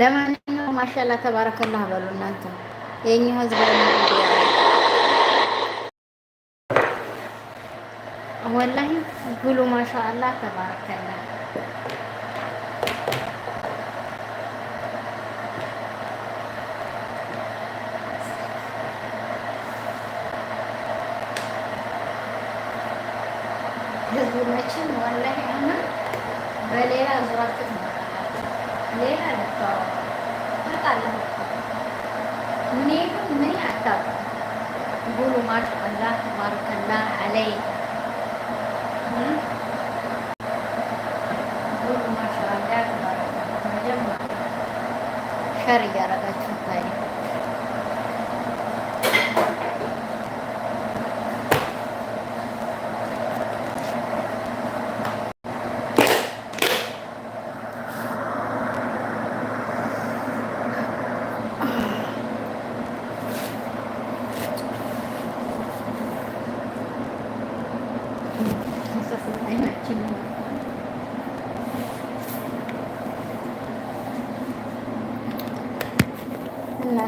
ለማንኛውም ማሻላ ተባረከላህ በሉ እናንተ የእኛ ህዝብ ወላሂ ብሉ ማሻአላ ተባረከላ። ህዝቡ መቼም ወላሂ አሁን በሌላ ዙራት አታወራም። ታውቃለህ ምንም ምን አታውቅም። ቡሉ ማሻአላ ተባረከላ አለይ ቡሉ ማሻአላ ተባረከላ ሸር እያረጋችሁ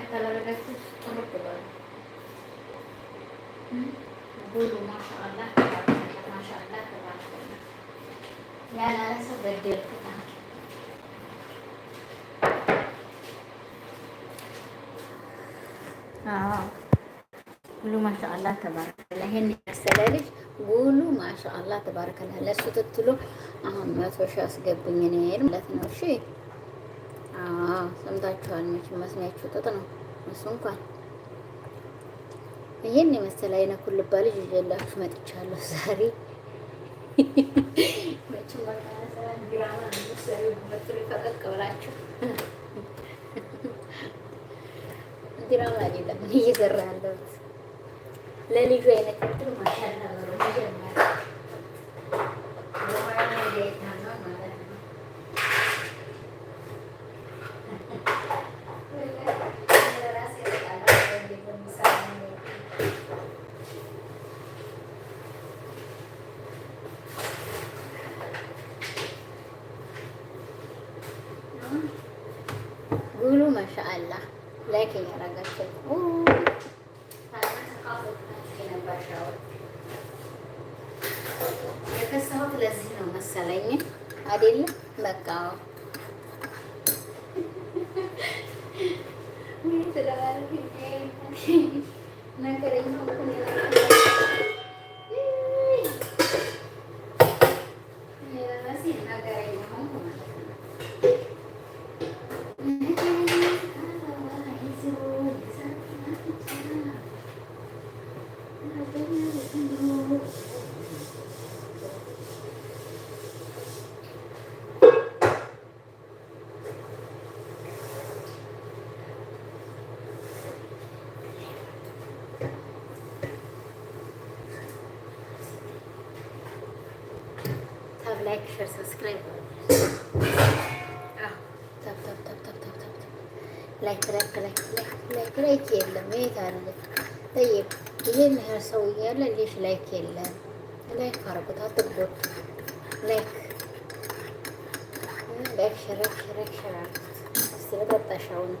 ላይክ ካላደረጋችሁ ቁርጥ በሉ ብሉ። ማሻአላህ ማሻአላህ ተባረከ። ያላለ ሰው በደልኩት። አዎ ብሉ። ይሄን የመሰለ ልጅ ጉሉ ማሻአላህ ተባረከ። ለእሱ ትትሉ አሁን መቶ ሺህ አስገብኝ እኔ ማለት ነው። እሺ ሰምታችኋል። መቼም መስሚያችሁ ጥጥ ነው እሱ እንኳን ይህን የመሰለ አይነት ኩልባ ልጅ ይዤላችሁ መጥቻለሁ ዛሬ። ድራማ አይደለም እየሰራ ያለሁት ለልጁ አይነት ማሻላ ላይክ እያረጋችሁ የከሳሁት ለዚህ ነው መሰለኝ አይደለም። በቃ ነገረኛ ላይክ፣ ሼር፣ ሰብስክራይብ ላይክ ላይክ የለም። የት አለ ጠይቅ። ይሄን ያህል ሰው እያለ ልሽ ላይክ የለም። ላይክ አርጉት፣ አትጎዱ። ላይክ ላይክ ሼር ሼር ሼር አርጉት። እስቲ በጣጣሻው ነው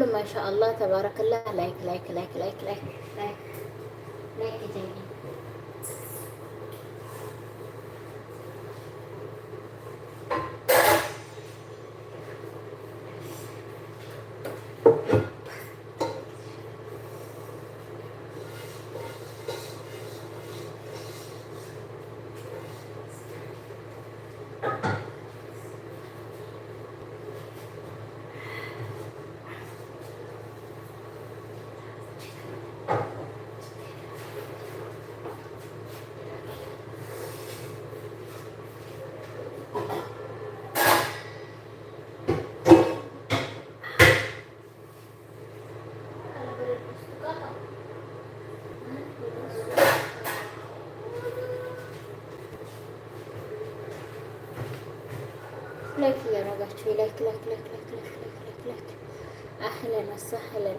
ሁሉ ማሻአላህ ተባረክላህ። ላይክ ላይክ ላይክ ላይክ ላይክ ላይክ ላይክ ላይክ እያደረጋችሁ ላይክ ላይክ ላይክ ላይክ ላይክ ላይክ አህለን ወሰህለን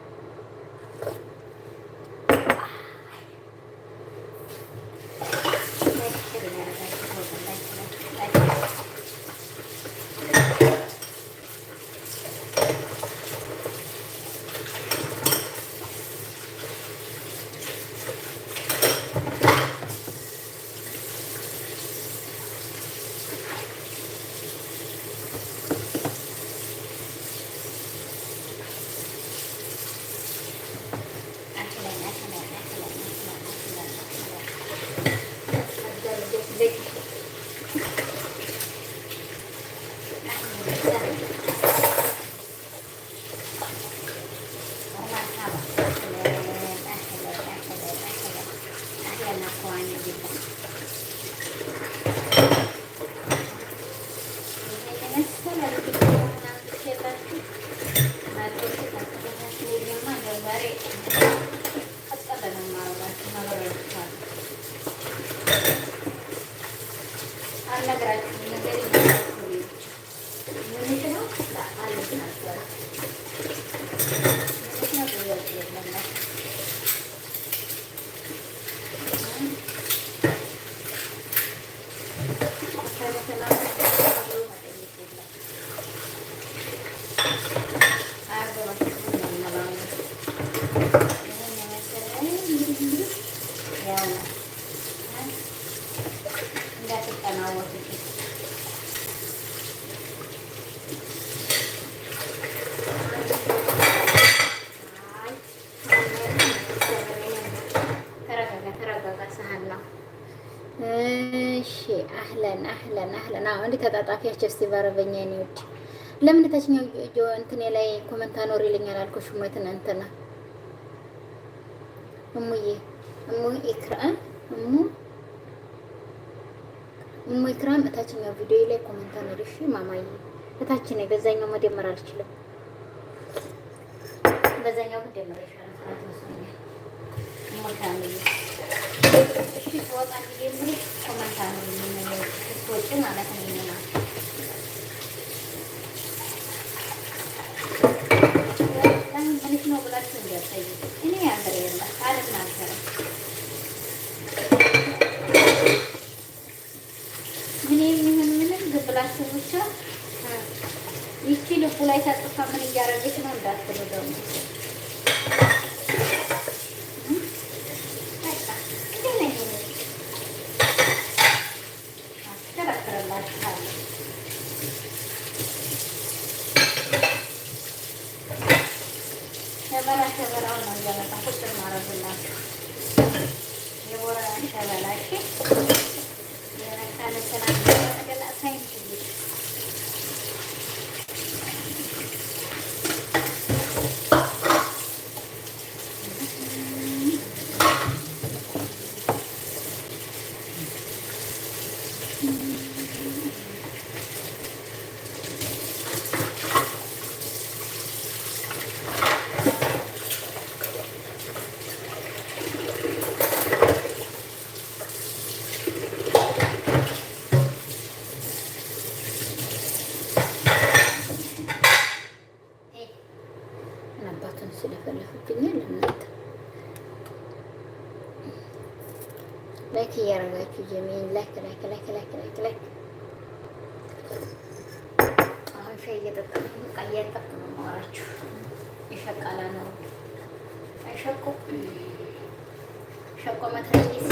Hello. እናስተካክለን። አዎ እንዴ ተጣጣፊያቸው እስቲ በአረበኛ ነው ለምን ታችኛው ጆ እንትኔ ላይ ኮመንት አኖር ይልኛል አልኩሽ። ሞትን እንትና እሙዬ እሙ ኢክራ እሙ እሙ ኢክራም እታችኛው ቪዲዮ ላይ ኮመንት አኖር እሺ ማማዬ። እታች ነው በዛኛው መደመር አልችልም። በዛኛው መደመር ይሻላል ማለት ነው። ሲወጣ እንግዲህ ቁመታ ነው የምንለው ስትወጪ ማለት ነው። ብላችሁ እኔ ብቻ ይቺ ልቡ ላይ ታጥፋ ምን እያደረገች ነው እንዳትሉ ደግሞ የሜን ላክ ላክ ላክ ላክ ላክ ላክ አሁን ሻይ እየጠጣሁ በቃ እያጠጣሁ ነው የማወራችሁ። የሸቃላ ነው አይሸቁ ሸቆ መትረየስ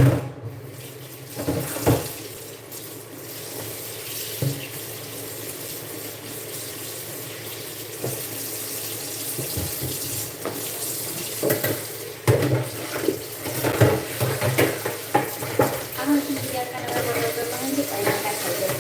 I know that's a good